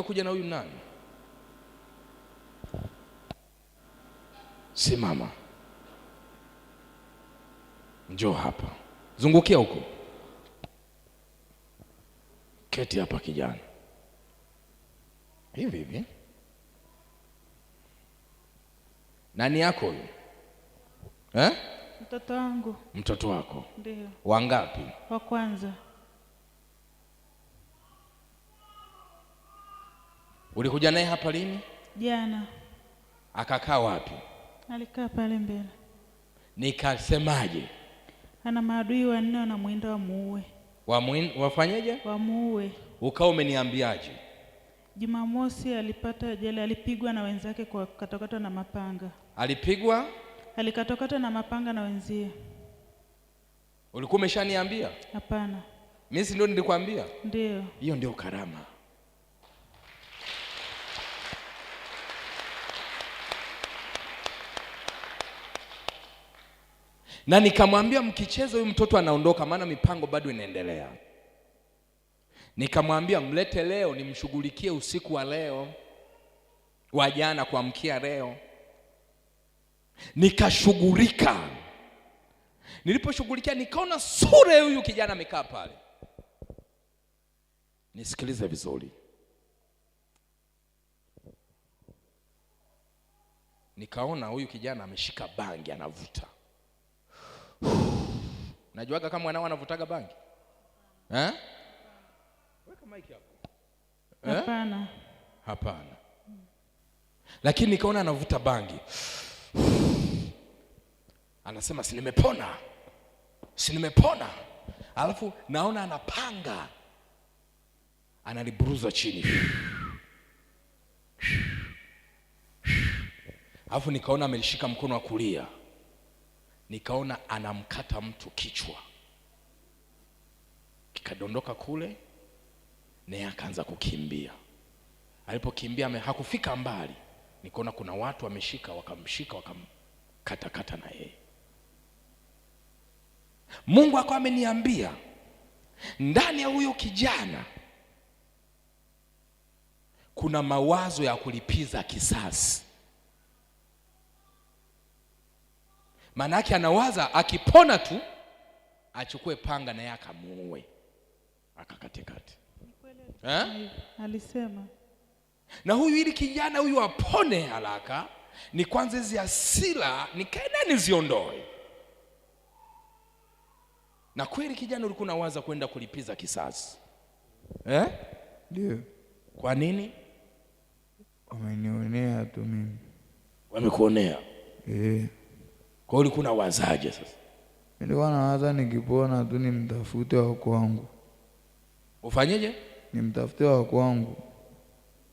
aliyokuja na huyu nani? Simama, njoo hapa, zungukia huko, keti hapa, kijana, hivi hivi. Nani yako huyu eh? Mtoto wangu. Mtoto wako? Ndio. Wangapi? Wa kwanza. Ulikuja naye hapa lini? Jana. Akakaa wapi? Alikaa pale mbele. Nikasemaje? Ana maadui wanne wanamwinda wamuue. Wamuin, wafanyeje? Wamuue. Ukao umeniambiaje? Jumamosi alipata ajali, alipigwa na wenzake kwa kukatokata na mapanga. Alipigwa? Alikatokata na mapanga na wenzie. Ulikuwa umeshaniambia? Hapana. Mimi si ndio nilikwambia? Ndio. Hiyo ndio karama. na nikamwambia mkicheza huyu mtoto anaondoka, maana mipango bado inaendelea. Nikamwambia mlete leo, nimshughulikie usiku wa leo, wa jana kuamkia leo. Nikashughulika, niliposhughulikia nikaona sura huyu kijana amekaa pale. Nisikilize vizuri, nikaona huyu kijana ameshika bangi anavuta Najuaga kama wanao wanavutaga bangi eh? Weka mic hapo. Eh? Hapana. Hapana. Lakini nikaona anavuta bangi anasema si nimepona, si nimepona. Alafu naona anapanga analiburuza chini, alafu nikaona amelishika mkono wa kulia nikaona anamkata mtu kichwa, kikadondoka kule, naye akaanza kukimbia. Alipokimbia hakufika mbali, nikaona kuna watu wameshika, wakamshika, wakamkatakata na yeye. Mungu akawa ameniambia ndani ya huyo kijana kuna mawazo ya kulipiza kisasi. Maana yake anawaza akipona tu achukue panga naye akamuue akakatikati eh? Alisema na huyu, ili kijana huyu apone haraka ni kwanza hizi asila nikaenda niziondoe. Na kweli kijana ulikuwa unawaza kwenda kulipiza kisasi eh? Ndio. Kwa nini? Wamenionea tu mimi. Wamekuonea eh? Kwa hiyo ulikuwa unawazaje sasa? Nilikuwa nawaza nikipona tu nimtafute wa kwangu. Ufanyeje? Nimtafute wa kwangu.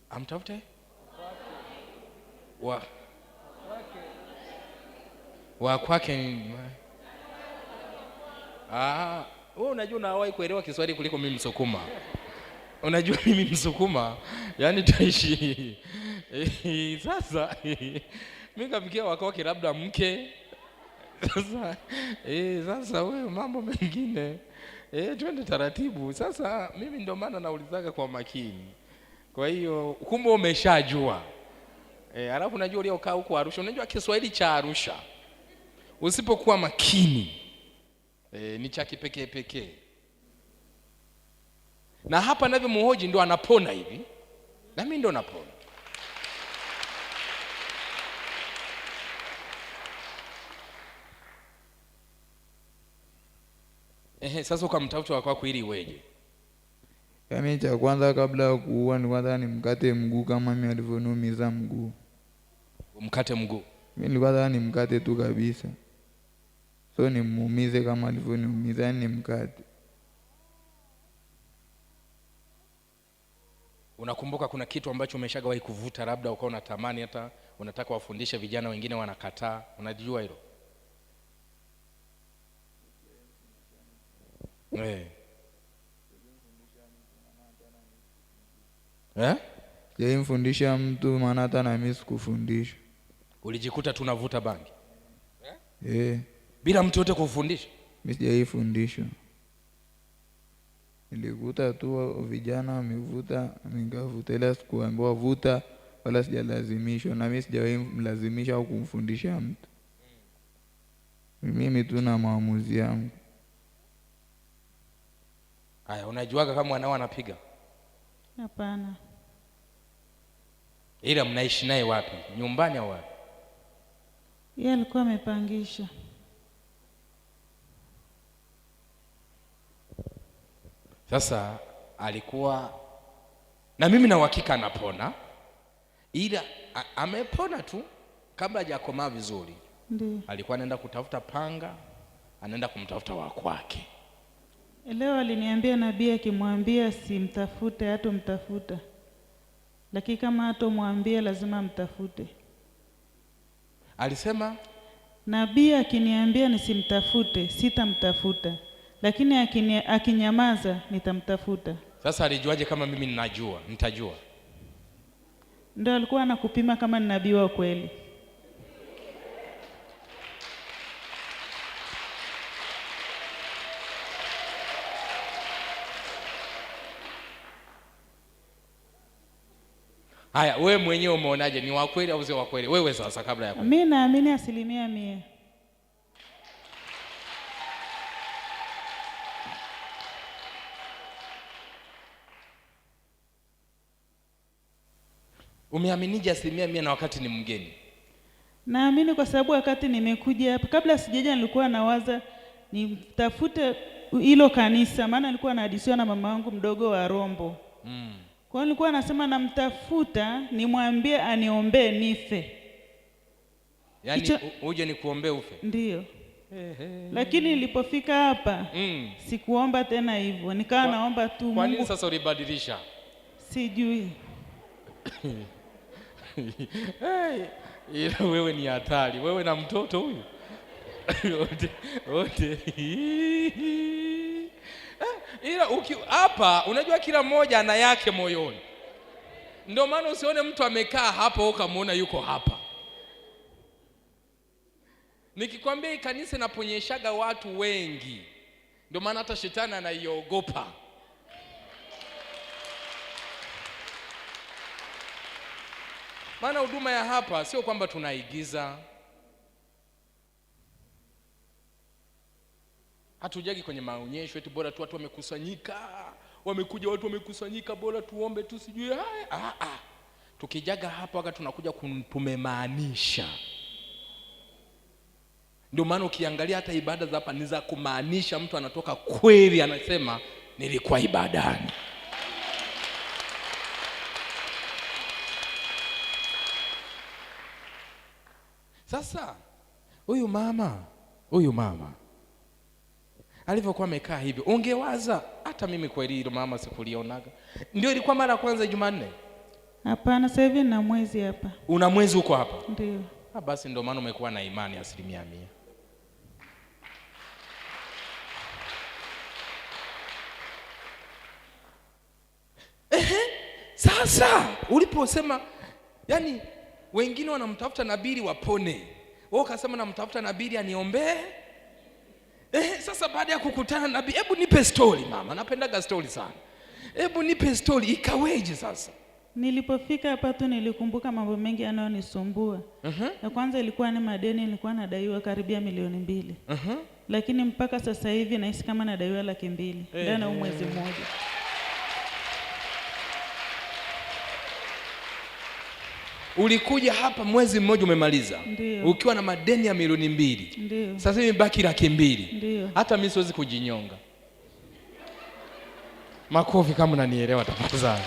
Amtafute wa wa kwake Ah, wewe unajua unawahi kuelewa Kiswahili kuliko mimi Msukuma. Unajua mimi Msukuma, yaani taishi sasa mimi kafikia wakoke labda mke sasa eh, sasa wewe mambo mengine eh, twende taratibu. Sasa mimi ndio maana naulizaga kwa makini. Kwa hiyo kumbe umeshajua eh, alafu najua uliokaa huko Arusha, unajua Kiswahili cha Arusha usipokuwa makini eh, ni cha kipekee pekee, na hapa navyo muhoji ndo anapona hivi, na mimi ndo napona Ehe, sasa ukamtafuta wa kwako ili iweje? Yaani cha kwanza kabla ya kuua ni kwanza nimkate mguu kama mimi alivyoniumiza mguu. Umkate mguu? Mimi ni nataka nimkate tu kabisa. So nimuumize kama alivyoniumiza, yaani ni nimkate. Unakumbuka kuna kitu ambacho umeshagawahi kuvuta, labda ukawa unatamani hata unataka wafundishe vijana wengine, wanakataa. Unajua hilo? Eh. eh? mtu maana hata na mimi sikufundisha. Ulijikuta tunavuta bangi eh? eh. Bila mtu yote kufundisha? mi sijaifundishwa ilikuta nilikuta tu vijana wamevuta, nikavuta, ila sikuambiwa vuta wala sijalazimishwa, na mi sijawaimlazimisha mlazimisha au kumfundisha mtu. Mimi tu na maamuzi yangu. Aya, unajuaga kama wanao anapiga? Hapana. Ila mnaishi naye wapi? Nyumbani au wapi? Yeye alikuwa amepangisha. Sasa alikuwa na mimi na uhakika anapona, ila amepona tu kabla hajakomaa vizuri. Ndiyo. Alikuwa anaenda kutafuta panga, anaenda kumtafuta wakwake Leo aliniambia nabii akimwambia simtafute hatomtafuta, lakini kama hatomwambia lazima mtafute. Alisema nabii akiniambia nisimtafute sitamtafuta, lakini akini, akinyamaza nitamtafuta. Sasa alijuaje kama mimi ninajua nitajua? Ndio alikuwa anakupima kama ni nabii wa kweli. Haya, we mwenyewe umeonaje, ni wakweli au sio wakweli Wewe sasa, kabla ya mimi, naamini asilimia mia. Umeaminije asilimia mia na wakati ni mgeni? Naamini kwa sababu wakati nimekuja hapa, kabla sijaja nilikuwa nawaza nitafute hilo kanisa, maana nilikuwa naadisiwa na mama wangu mdogo wa Rombo mm. Kwa hiyo nilikuwa nasema namtafuta nimwambie aniombee nife, yaani uje nikuombee ufe, ndio. Lakini nilipofika hapa mm. sikuomba tena hivyo, nikawa naomba tu. Kwa nini sasa ulibadilisha? Sijui. Ila wewe ni hatari, wewe na mtoto huyu wote wote ila hapa unajua kila mmoja ana yake moyoni. Ndio maana usione mtu amekaa hapa ukamwona yuko hapa. Nikikwambia ikanisa kanisa inaponyeshaga watu wengi, ndio maana hata shetani anaiogopa. Maana huduma ya hapa sio kwamba tunaigiza Hatujagi kwenye maonyesho eti bora tu watu wamekusanyika, wamekuja watu wamekusanyika, bora tuombe tu sijui haya. Ah, ah. Tukijaga hapo aka tunakuja tumemaanisha. Ndio maana ukiangalia hata ibada za hapa ni za kumaanisha, mtu anatoka kweli anasema nilikuwa ibadani. Sasa huyu mama, huyu mama alivyokuwa amekaa hivyo, ungewaza hata mimi kweli hilo mama sikulionaga. Ndio ilikuwa mara ya kwanza Jumanne? Hapana, sasa hivi na mwezi hapa. Una mwezi huko hapa? Ndio. Ah, basi ndio maana umekuwa na imani asilimia mia. Ehe, sasa uliposema, yani wengine wanamtafuta nabili wapone, wewe ukasema namtafuta nabili aniombee Eh, sasa baada ya kukutana nabii, hebu nipe stori mama, napendaga stori sana, hebu nipe stori ikaweje? Sasa nilipofika hapa tu nilikumbuka mambo mengi yanayonisumbua. uh -huh. Ya kwanza ilikuwa ni madeni, nilikuwa nadaiwa karibia milioni mbili. uh -huh. Lakini mpaka sasa hivi nahisi kama nadaiwa laki mbili ndani ya mwezi mmoja. Ulikuja hapa mwezi mmoja umemaliza. Ndiyo. Ukiwa na madeni ya milioni mbili. Ndiyo. Sasa hivi baki laki mbili. Ndiyo. Hata mimi siwezi kujinyonga. Makofi kama unanielewa tafadhali.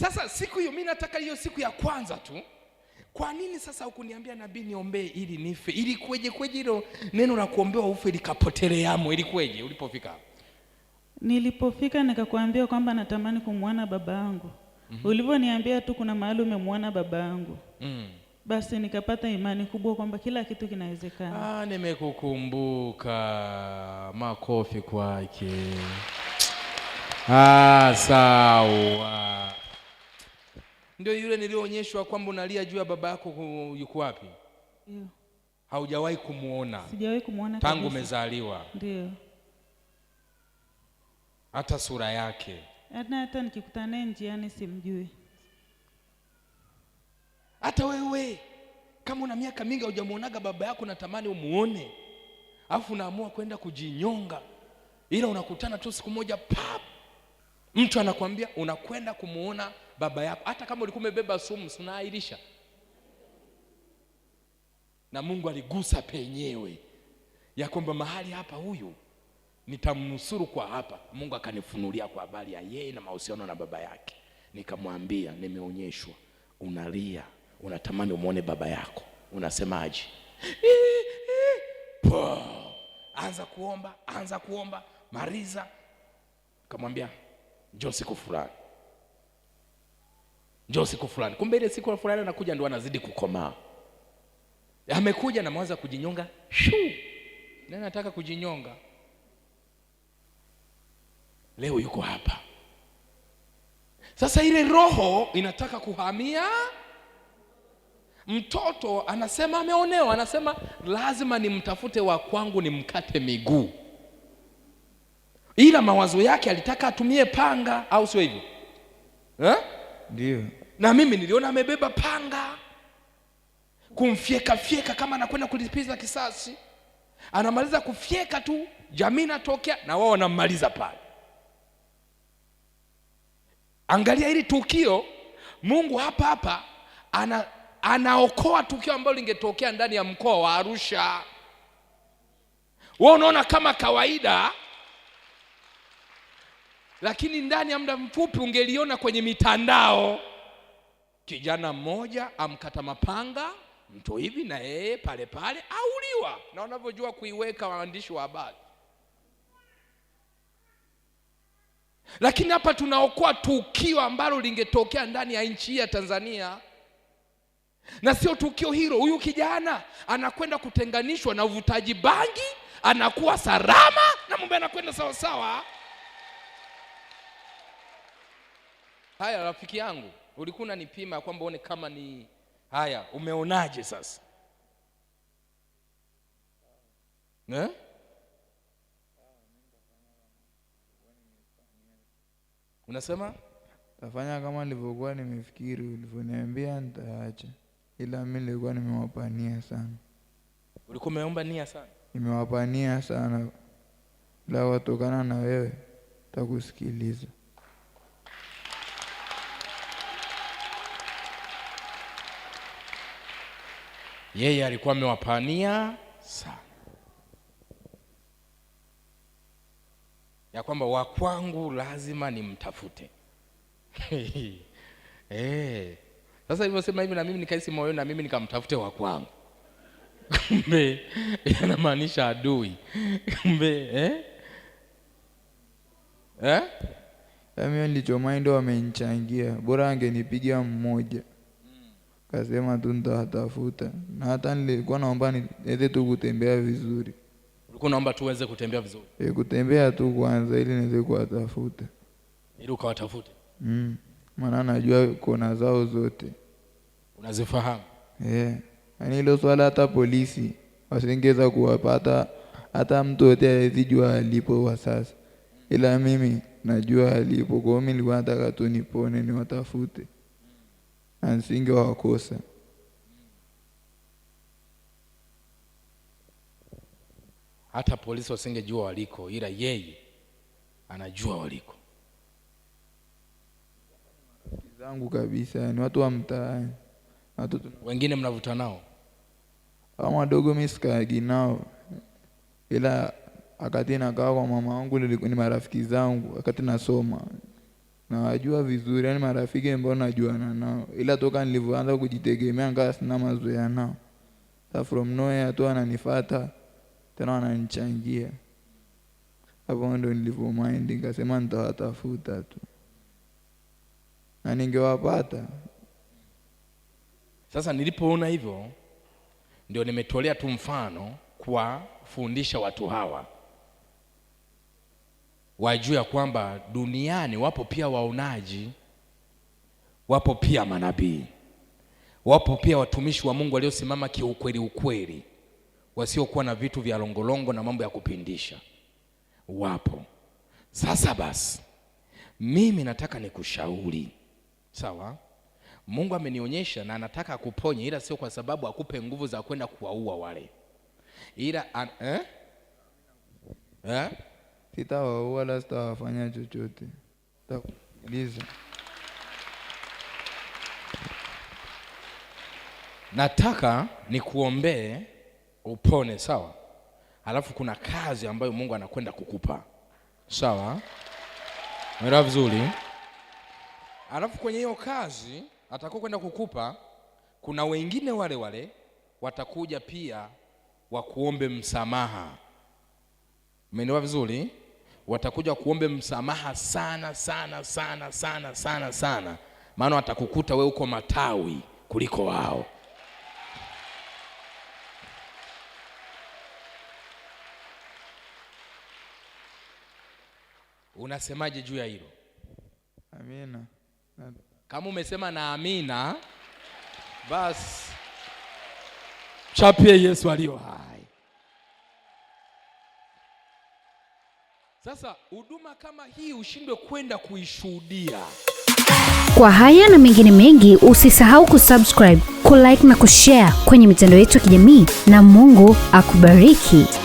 Sasa siku hiyo mimi nataka hiyo siku ya kwanza tu. Kwa nini sasa hukuniambia nabii, niombee ili nife? Ili kweje kweje hilo neno la kuombewa ufe likapotelea yamo, ili kweje ulipofika hapo? Nilipofika nikakwambia kwamba natamani kumwona baba yangu. mm -hmm. Ulivyoniambia tu kuna mahali umemwona baba yangu. mm. Basi nikapata imani kubwa kwamba kila kitu kinawezekana. Ah, nimekukumbuka. Makofi kwake. Ah, sawa, ndio yule nilioonyeshwa kwamba unalia juu ya baba yako. Yuko wapi? Haujawahi kumwona? Sijawahi kumwona tangu umezaliwa? Ndio hata sura yake, hata hata nikikutana naye njiani simjui. Hata wewe kama una miaka mingi haujamuonaga baba yako, natamani umuone, alafu unaamua kwenda kujinyonga, ila unakutana tu siku moja pap, mtu anakwambia unakwenda kumuona baba yako, hata kama ulikuwa umebeba sumu, sunaahirisha na Mungu aligusa penyewe ya kwamba mahali hapa huyu nitamnusuru kwa hapa. Mungu akanifunulia kwa habari ya yeye na mahusiano na baba yake, nikamwambia nimeonyeshwa, unalia, unatamani umwone baba yako, unasemaje? Anza kuomba, anza kuomba, mariza. kamwambia njoo siku fulani, njoo siku fulani. Kumbe ile siku fulani anakuja, ndo anazidi kukomaa. Amekuja na mwanza kujinyonga shu, nataka kujinyonga leo yuko hapa. Sasa ile roho inataka kuhamia mtoto, anasema ameonewa, anasema lazima nimtafute wa kwangu nimkate miguu, ila mawazo yake alitaka atumie panga, au sio hivyo eh? Ndio, na mimi niliona amebeba panga kumfyekafyeka kama anakwenda kulipiza kisasi. Anamaliza kufyeka tu, jamii natokea na wao wanammaliza pale. Angalia hili tukio, Mungu hapa hapa ana, anaokoa tukio ambalo lingetokea ndani ya mkoa wa Arusha. Wewe unaona kama kawaida, lakini ndani ya muda mfupi ungeliona kwenye mitandao, kijana mmoja amkata mapanga mtu hivi na yeye pale pale auliwa, na wanavyojua kuiweka waandishi wa habari Lakini hapa tunaokoa tukio ambalo lingetokea ndani ya nchi hii ya Tanzania, na sio tukio hilo. Huyu kijana anakwenda kutenganishwa na uvutaji bangi, anakuwa salama na mumbe anakwenda sawasawa. Haya rafiki yangu, ulikuwa unanipima kwamba uone kama ni haya, umeonaje sasa ne? Eh? Unasema tafanya kama nilivyokuwa nimefikiri, ulivyoniambia nitaacha, ila mimi nilikuwa nimewapania sana. Ulikuwa umeomba nia sana? Nimewapania sana, la watokana na wewe takusikiliza. Yeye alikuwa amewapania sana. ya kwamba wa kwangu lazima nimtafute. Eh, sasa ilivyosema hivi na mimi nikaisi moyo na mimi nikamtafute wa kwangu, kumbe yanamaanisha adui, kumbe eh? Eh? Samia bora angenipigia mmoja kasema tu nitawatafuta, na hata nilikuwa naomba ete tu kutembea vizuri Ulikuwa unaomba tu uweze kutembea vizuri. E, kutembea tu kwanza ili niweze kuwatafuta. Ili ukawatafute. Mm. Maana najua kona zao zote. Unazifahamu? Eh. Yaani hilo swala hata polisi wasingeweza kuwapata hata mtu yote awezijua alipo kwa sasa, ila mimi najua alipo. Kwa mi mimi nilikuwa nataka tu nipone niwatafute, na nisingewakosa. hata polisi wasingejua waliko, ila yeye anajua waliko. zangu kabisa ni watu wa mtaani, watu wengine mnavuta nao kama wadogo, mimi sikaagi nao, ila wakati nakaa kwa mama wangu ni marafiki zangu, akati nasoma nawajua vizuri, yani marafiki ambao najuana nao, ila toka nilivyoanza kujitegemea nikawa sina mazoea nao, sa from noe tu ananifata tena wananchangia Hapo ndo nilipomaindi, nikasema nitawatafuta tu na ningewapata. Sasa nilipoona hivyo, ndio nimetolea tu mfano kuwafundisha watu hawa wajuu ya kwamba duniani wapo pia waonaji, wapo pia manabii, wapo pia watumishi wa Mungu waliosimama kiukweli ukweli wasiokuwa na vitu vya longolongo na mambo ya kupindisha wapo. Sasa basi, mimi nataka nikushauri, sawa? Mungu amenionyesha na anataka akuponye, ila sio kwa sababu akupe nguvu za kwenda kuwaua wale, ila an, eh? Eh? Sitawaua la sitawafanya chochote, takuuliza. Nataka nikuombee upone, sawa. Alafu kuna kazi ambayo Mungu anakwenda kukupa, sawa, umeelewa vizuri. Alafu kwenye hiyo kazi atakuwa kwenda kukupa, kuna wengine wale wale watakuja pia wakuombe msamaha, umeelewa vizuri watakuja kuombe msamaha sana sana sana sana sana sana, maana watakukuta we uko matawi kuliko wao. Unasemaje juu ya hilo? Amina. Kama umesema na amina, basi chapie Yesu aliyo hai. Sasa huduma kama hii ushindwe kwenda kuishuhudia. Kwa haya na mengine mengi, usisahau kusubscribe, kulike na kushare kwenye mitandao yetu ya kijamii, na Mungu akubariki.